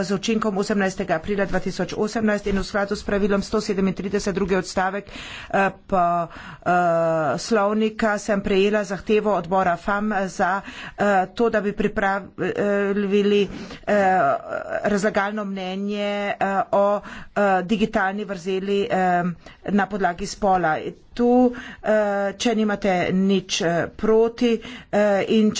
z učinkom 18. aprila 2018 in v skladu s pravilom 137. drugi odstavek eh, poslovnika eh, sem prejela zahtevo odbora FAM za eh, to, da bi pripravili razlagalno mnenje o digitalni vrzeli na podlagi spola. Tu, če nimate nič proti in če